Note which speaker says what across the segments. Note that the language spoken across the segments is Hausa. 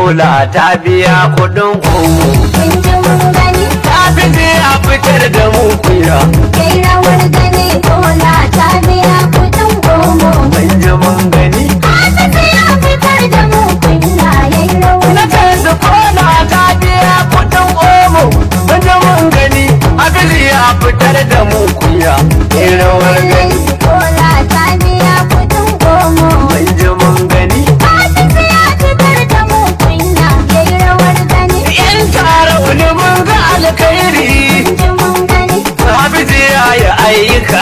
Speaker 1: dola ta biya kudin kowo. kin ji mun gani? Ta fi ne a fitar da mu kuya. Kai rawar da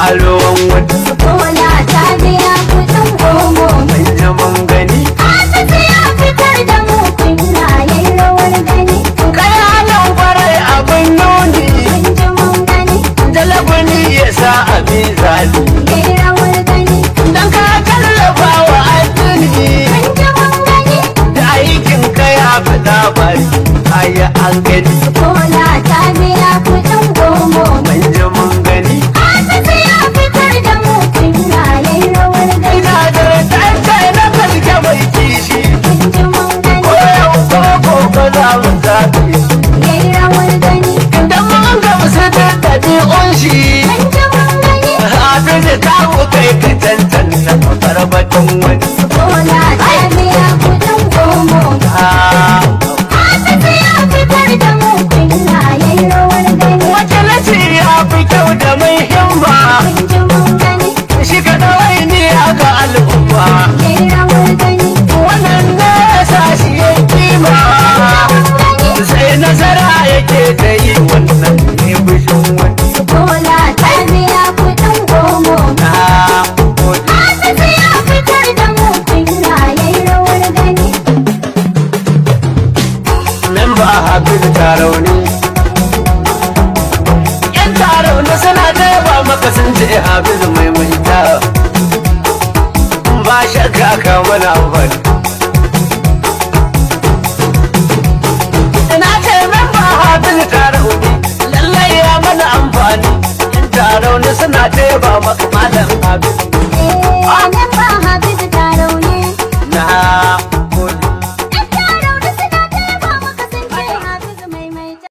Speaker 1: a ruwan wani. ta biya kuɗin mun gani. Asibiti ya fitar da mu kunna gani. abin nuni. Manya mun gani. ya sa abin zali. Yayin gani. Dan ka mun gani. Da aikin kai ya fi an gani. ta biya hafiz tarauni yan tarauni suna daba maka sun ce hafiz mai maita ba shakka ka mana amfani ina ce memba hafiz tarauni lallai ya mana amfani yan tarauni suna daba maka malam hafiz